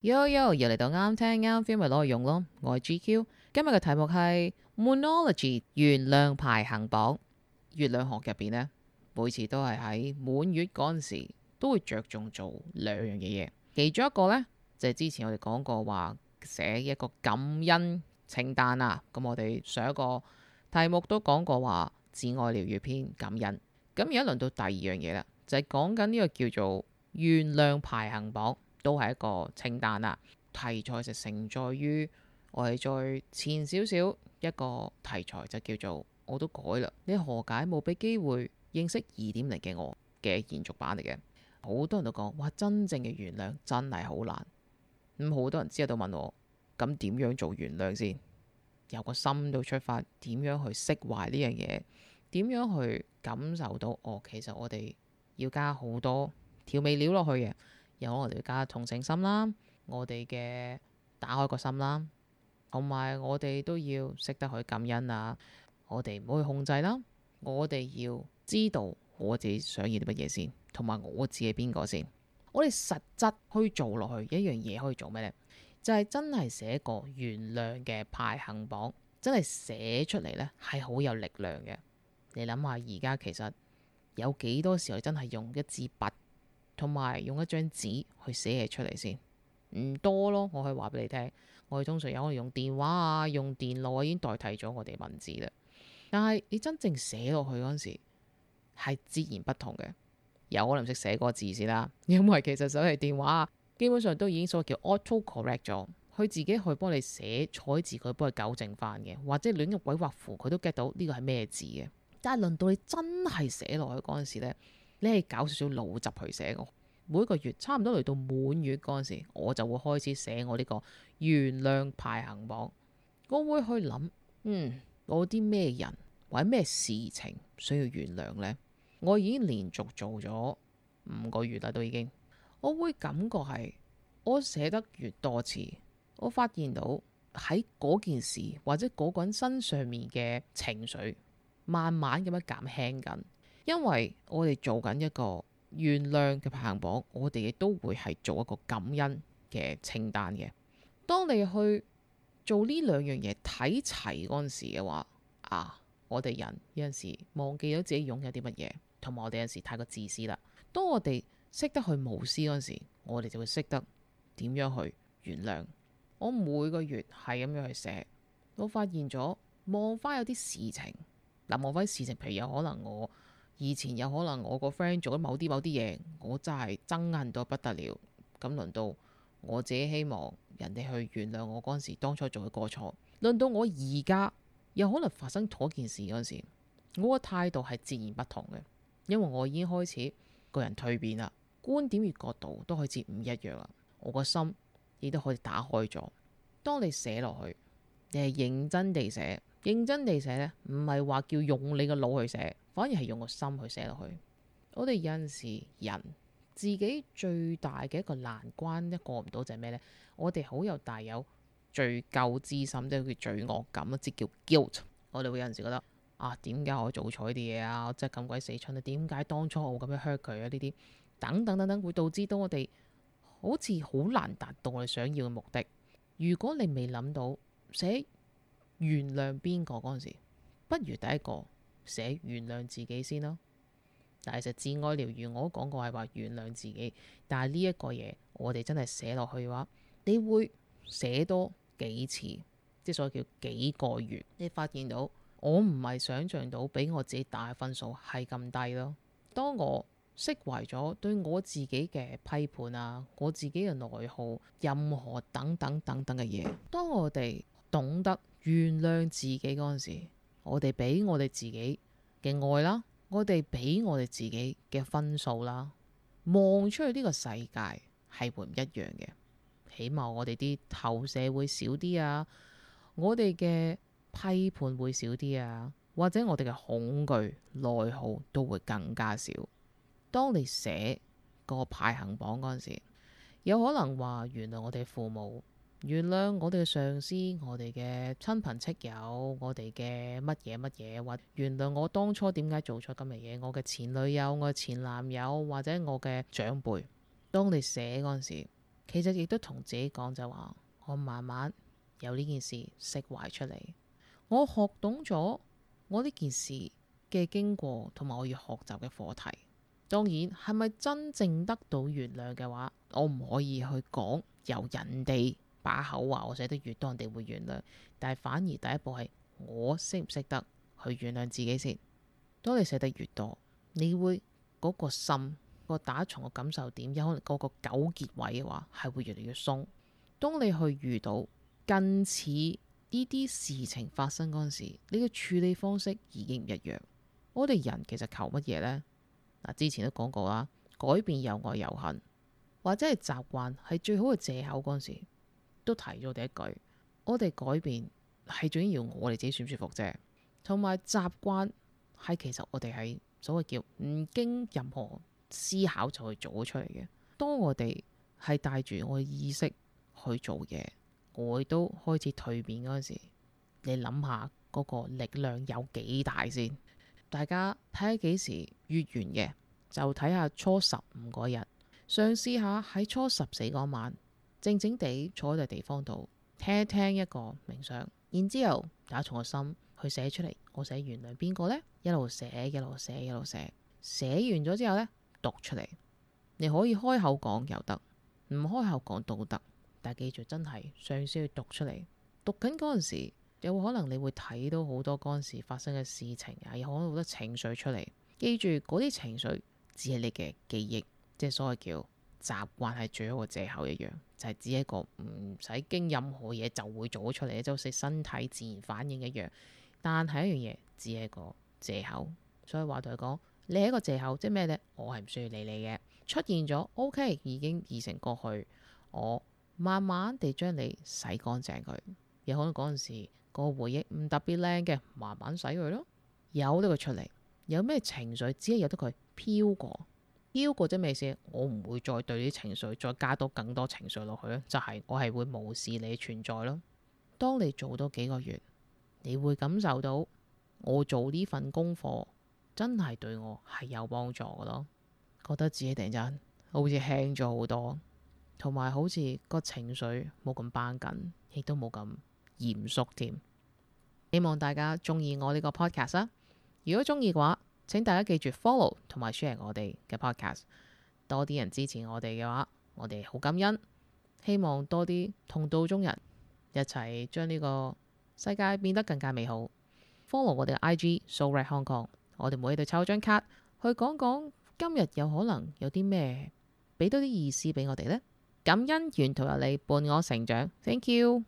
Yo yo，又嚟到啱聽啱 feel 咪攞嚟用咯，我係 GQ，今日嘅題目係 Moonology 原諒排行榜。月亮學入邊呢，每次都係喺滿月嗰陣時，都會着重做兩樣嘅嘢。其中一個呢，就係、是、之前我哋講過話寫一個感恩清單啦。咁我哋上一個題目都講過話自愛療癒篇感恩。咁而家輪到第二樣嘢啦，就係講緊呢個叫做原諒排行榜。都係一個清單啦，題材就承載於我哋再前少少一個題材，就叫做我都改啦，你何解冇俾機會認識二點零嘅我嘅延續版嚟嘅？好多人都講哇，真正嘅原諒真係好難。咁、嗯、好多人之後都問我，咁點樣做原諒先？由個心到出發，點樣去釋懷呢樣嘢？點樣去感受到哦，其實我哋要加好多調味料落去嘅？有可能我哋加同情心啦，我哋嘅打開個心啦，同埋我哋都要識得去感恩啊！我哋唔好去控制啦，我哋要知道我自己想要啲乜嘢先，同埋我自己邊個先。我哋實質可以做落去一樣嘢，可以做咩呢？就係真係寫個原諒嘅排行榜，真係寫出嚟呢係好有力量嘅。你諗下而家其實有幾多時候真係用一支筆？同埋用一張紙去寫嘢出嚟先，唔多咯。我可以話俾你聽，我哋通常有可能用電話啊、用電腦啊已經代替咗我哋文字啦。但係你真正寫落去嗰陣時，係截然不同嘅。有可能唔識寫個字先啦，因為其實手提電話基本上都已經所謂叫 auto correct 咗，佢自己去以幫你寫錯字，佢幫你糾正返嘅，或者亂用鬼畫符，佢都 get 到呢個係咩字嘅。但係輪到你真係寫落去嗰陣時呢。你係搞少少腦汁去寫我。每個月差唔多嚟到滿月嗰陣時，我就會開始寫我呢個原諒排行榜。我會去諗，嗯，我啲咩人，或者咩事情需要原諒呢？我已經連續做咗五個月啦，都已經。我會感覺係我寫得越多次，我發現到喺嗰件事或者嗰個人身上面嘅情緒，慢慢咁樣減輕緊。因為我哋做緊一個原諒嘅排行榜，我哋亦都會係做一個感恩嘅清單嘅。當你去做呢兩樣嘢睇齊嗰陣時嘅話，啊，我哋人有陣時忘記咗自己擁有啲乜嘢，同埋我哋有陣時太過自私啦。當我哋識得去無私嗰陣時，我哋就會識得點樣去原諒。我每個月係咁樣去寫，我發現咗望翻有啲事情嗱，望翻啲事情，譬如有可能我。以前有可能我個 friend 做咗某啲某啲嘢，我真係憎恨到不得了。咁輪到我自己，希望人哋去原諒我嗰陣時當初做嘅過錯。輪到我而家有可能發生嗰件事嗰陣時，我個態度係截然不同嘅，因為我已經開始個人蛻變啦，觀點與角度都開始唔一樣啦。我個心亦都可以打開咗。當你寫落去，你係認真地寫，認真地寫呢，唔係話叫用你個腦去寫。反而係用個心去寫落去。我哋有陣時人自己最大嘅一個難關，一個過唔到就係咩呢？我哋好有大有罪疚之心，即係叫罪惡感，即叫 guilt。我哋會有陣時覺得啊，點解我做錯呢啲嘢啊？即係咁鬼死蠢啊！點解當初我會咁樣 hurt 佢啊？呢啲等等等等，會導致到我哋好似好難達到我哋想要嘅目的。如果你未諗到寫原諒邊個嗰陣時，不如第一個寫原諒自己先咯，但係其實自愛療癒，我都講過係話原諒自己，但係呢一個嘢，我哋真係寫落去嘅話，你會寫多幾次，即係所謂叫幾個月，你發現到我唔係想象到俾我自己打分數係咁低咯。當我釋懷咗對我自己嘅批判啊，我自己嘅內耗，任何等等等等嘅嘢，當我哋懂得原諒自己嗰陣時。我哋俾我哋自己嘅愛啦，我哋俾我哋自己嘅分數啦，望出去呢個世界係會唔一樣嘅。起碼我哋啲投射會少啲啊，我哋嘅批判會少啲啊，或者我哋嘅恐懼、內耗都會更加少。當你寫嗰個排行榜嗰陣時，有可能話原來我哋父母。原諒我哋嘅上司、我哋嘅親朋戚友、我哋嘅乜嘢乜嘢，或原諒我當初點解做出咁嘅嘢。我嘅前女友、我嘅前男友，或者我嘅長輩，當你寫嗰陣時，其實亦都同自己講就話：我慢慢有呢件事釋懷出嚟，我學懂咗我呢件事嘅經過，同埋我要學習嘅課題。當然係咪真正得到原諒嘅話，我唔可以去講由人哋。把口話我寫得越多，人哋會原諒，但係反而第一步係我識唔識得去原諒自己先。當你寫得越多，你會嗰、嗰個心、嗰個打從嘅感受點，有可能個個糾結位嘅話係會越嚟越鬆。當你去遇到近似呢啲事情發生嗰陣時，你嘅處理方式已經唔一樣。我哋人其實求乜嘢呢？嗱，之前都講過啦，改變又愛又恨，或者係習慣係最好嘅借口嗰陣時。都提咗第一句，我哋改變係最緊要，我哋自己舒唔舒服啫。同埋習慣係其實我哋係所謂叫唔經任何思考就去做出嚟嘅。當我哋係帶住我意識去做嘢，我都開始蛻變嗰陣時，你諗下嗰個力量有幾大先？大家睇下幾時月圓嘅，就睇下初十五嗰日，嘗試下喺初十四嗰晚。靜靜地坐喺個地方度，聽一聽一個冥想，然之後打從個心去寫出嚟。我寫原諒邊個呢，一路寫，一路寫，一路寫，寫完咗之後呢，讀出嚟。你可以開口講又得，唔開口講都得。但係記住，真係上司要讀出嚟。讀緊嗰陣時，有可能你會睇到好多嗰陣時發生嘅事情啊，有可能好多情緒出嚟。記住，嗰啲情緒只係你嘅記憶，即係所謂叫。習慣係最好個借口一樣，就係只係一個唔使經任何嘢就會做出嚟，就好似身體自然反應一樣。但係一樣嘢，只係個借口，所以話同佢講，你係一個借口，即係咩呢？我係唔需要理你嘅。出現咗，OK，已經已成過去。我慢慢地將你洗乾淨佢，有可能嗰陣時個回憶唔特別靚嘅，慢慢洗佢咯，由得佢出嚟。有咩情緒，只係由得佢飄過，腰嗰隻未死，我唔會再對啲情緒再加多更多情緒落去咯，就係、是、我係會無視你存在咯。當你做多幾個月，你會感受到我做呢份功課真係對我係有幫助㗎咯，覺得自己突然間好似輕咗好多，同埋好似個情緒冇咁繃緊，亦都冇咁嚴肅添。希望大家中意我呢個 podcast 啊！如果中意嘅話，請大家記住 follow 同埋 share 我哋嘅 podcast，多啲人支持我哋嘅話，我哋好感恩。希望多啲同道中人一齊將呢個世界變得更加美好。follow 我哋嘅 IG Zorite Hong Kong，我哋每日都抽張卡去講講今日有可能有啲咩，俾多啲意思俾我哋呢。感恩沿途有你伴我成長，thank you。